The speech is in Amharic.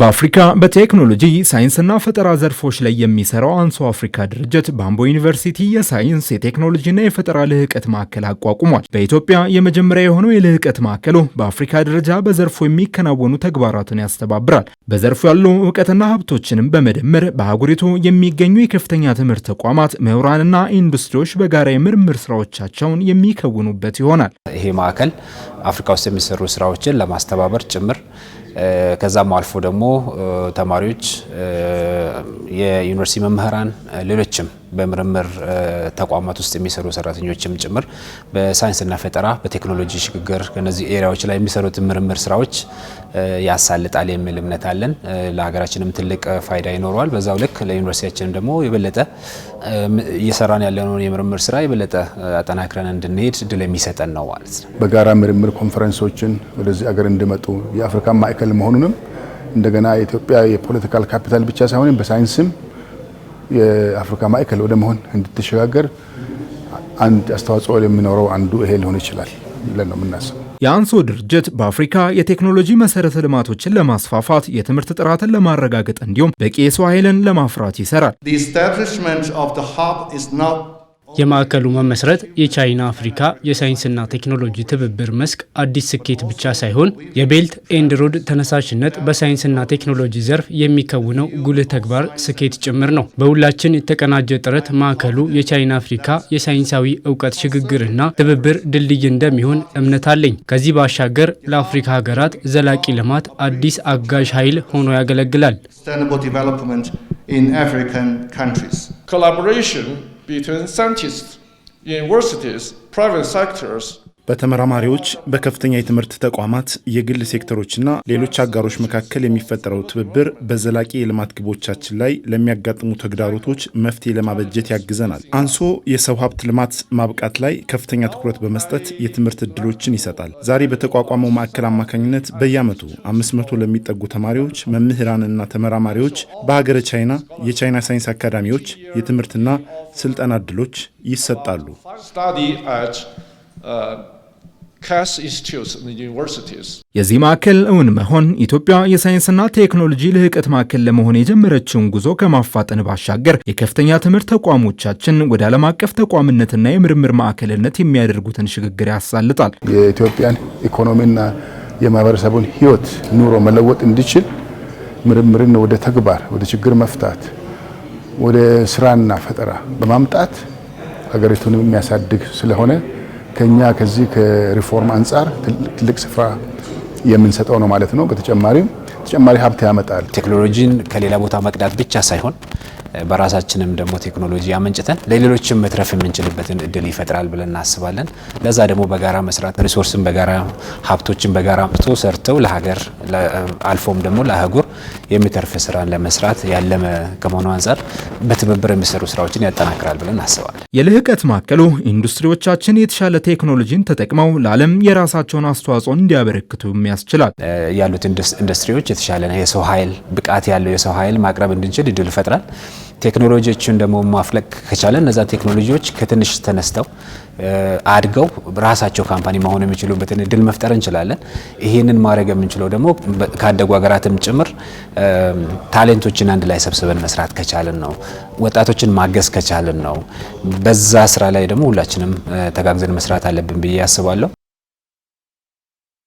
በአፍሪካ በቴክኖሎጂ ሳይንስና ፈጠራ ዘርፎች ላይ የሚሰራው አንሶ አፍሪካ ድርጅት በአምቦ ዩኒቨርሲቲ የሳይንስ የቴክኖሎጂና የፈጠራ ልህቀት ማዕከል አቋቁሟል። በኢትዮጵያ የመጀመሪያ የሆነው የልህቀት ማዕከሉ በአፍሪካ ደረጃ በዘርፉ የሚከናወኑ ተግባራትን ያስተባብራል። በዘርፉ ያሉ እውቀትና ሀብቶችንም በመደመር በአህጉሪቱ የሚገኙ የከፍተኛ ትምህርት ተቋማት፣ ምሁራንና ኢንዱስትሪዎች በጋራ የምርምር ስራዎቻቸውን የሚከውኑበት ይሆናል። ይሄ ማዕከል አፍሪካ ውስጥ የሚሰሩ ስራዎችን ለማስተባበር ጭምር ከዛም አልፎ ደግሞ ተማሪዎች፣ የዩኒቨርሲቲ መምህራን፣ ሌሎችም በምርምር ተቋማት ውስጥ የሚሰሩ ሰራተኞችም ጭምር በሳይንስና ፈጠራ በቴክኖሎጂ ሽግግር ከነዚህ ኤሪያዎች ላይ የሚሰሩት ምርምር ስራዎች ያሳልጣል የሚል እምነት አለን። ለሀገራችንም ትልቅ ፋይዳ ይኖረዋል። በዛው ልክ ለዩኒቨርሲቲያችንም ደግሞ የበለጠ እየሰራን ያለነውን የምርምር ስራ የበለጠ አጠናክረን እንድንሄድ እድል የሚሰጠን ነው ማለት ነው። በጋራ ምርምር የሚያስተምር ኮንፈረንሶችን ወደዚህ አገር እንዲመጡ የአፍሪካ ማዕከል መሆኑንም እንደገና የኢትዮጵያ የፖለቲካል ካፒታል ብቻ ሳይሆን በሳይንስም የአፍሪካ ማዕከል ወደ መሆን እንድትሸጋገር አንድ አስተዋጽኦ የሚኖረው አንዱ ይሄ ሊሆን ይችላል ብለን ነው የምናስበው። የአንሶ ድርጅት በአፍሪካ የቴክኖሎጂ መሰረተ ልማቶችን ለማስፋፋት የትምህርት ጥራትን ለማረጋገጥ እንዲሁም በቂ የሰው ኃይልን ለማፍራት ይሰራል። የማዕከሉ መመስረት የቻይና አፍሪካ የሳይንስና ቴክኖሎጂ ትብብር መስክ አዲስ ስኬት ብቻ ሳይሆን የቤልት ኤንድ ሮድ ተነሳሽነት በሳይንስና ቴክኖሎጂ ዘርፍ የሚከውነው ጉልህ ተግባር ስኬት ጭምር ነው። በሁላችን የተቀናጀ ጥረት ማዕከሉ የቻይና አፍሪካ የሳይንሳዊ እውቀት ሽግግርና ትብብር ድልድይ እንደሚሆን እምነት አለኝ። ከዚህ ባሻገር ለአፍሪካ ሀገራት ዘላቂ ልማት አዲስ አጋዥ ኃይል ሆኖ ያገለግላል። between scientists, universities, private sectors, በተመራማሪዎች በከፍተኛ የትምህርት ተቋማት የግል ሴክተሮችና ሌሎች አጋሮች መካከል የሚፈጠረው ትብብር በዘላቂ የልማት ግቦቻችን ላይ ለሚያጋጥሙ ተግዳሮቶች መፍትሄ ለማበጀት ያግዘናል። አንሶ የሰው ሀብት ልማት ማብቃት ላይ ከፍተኛ ትኩረት በመስጠት የትምህርት እድሎችን ይሰጣል። ዛሬ በተቋቋመው ማዕከል አማካኝነት በየዓመቱ 500 ለሚጠጉ ተማሪዎች፣ መምህራንና ተመራማሪዎች በሀገረ ቻይና የቻይና ሳይንስ አካዳሚዎች የትምህርትና ስልጠና እድሎች ይሰጣሉ። የዚህ ማዕከል እውን መሆን ኢትዮጵያ የሳይንስና ቴክኖሎጂ ልህቀት ማዕከል ለመሆን የጀመረችውን ጉዞ ከማፋጠን ባሻገር የከፍተኛ ትምህርት ተቋሞቻችን ወደ ዓለም አቀፍ ተቋምነትና የምርምር ማዕከልነት የሚያደርጉትን ሽግግር ያሳልጣል። የኢትዮጵያን ኢኮኖሚና የማህበረሰቡን ህይወት ኑሮ መለወጥ እንዲችል ምርምርን ወደ ተግባር፣ ወደ ችግር መፍታት፣ ወደ ስራና ፈጠራ በማምጣት ሀገሪቱን የሚያሳድግ ስለሆነ ከኛ ከዚህ ከሪፎርም አንጻር ትልቅ ስፍራ የምንሰጠው ነው ማለት ነው። በተጨማሪም ተጨማሪ ሀብት ያመጣል። ቴክኖሎጂን ከሌላ ቦታ መቅዳት ብቻ ሳይሆን በራሳችንም ደግሞ ቴክኖሎጂ አመንጭተን ለሌሎችም መትረፍ የምንችልበትን እድል ይፈጥራል ብለን እናስባለን። ለዛ ደግሞ በጋራ መስራት ሪሶርስን በጋራ ሀብቶችን በጋራ አምጥቶ ሰርተው ለሀገር አልፎም ደግሞ ለአህጉር የሚተርፍ ስራን ለመስራት ያለመ ከመሆኑ አንጻር በትብብር የሚሰሩ ስራዎችን ያጠናክራል ብለን አስባለን። የልህቀት ማዕከሉ ኢንዱስትሪዎቻችን የተሻለ ቴክኖሎጂን ተጠቅመው ለዓለም የራሳቸውን አስተዋጽኦ እንዲያበረክቱም ያስችላል። ያሉት ኢንዱስትሪዎች የተሻለ የሰው ኃይል ብቃት ያለው የሰው ኃይል ማቅረብ እንድንችል እድል ይፈጥራል። ቴክኖሎጂዎችን ደግሞ ማፍለቅ ከቻለ እነዛ ቴክኖሎጂዎች ከትንሽ ተነስተው አድገው ራሳቸው ካምፓኒ መሆን የሚችሉበትን እድል መፍጠር እንችላለን። ይህንን ማድረግ የምንችለው ደግሞ ካደጉ ሀገራትም ጭምር ታሌንቶችን አንድ ላይ ሰብስበን መስራት ከቻልን ነው። ወጣቶችን ማገዝ ከቻልን ነው። በዛ ስራ ላይ ደግሞ ሁላችንም ተጋግዘን መስራት አለብን ብዬ አስባለሁ።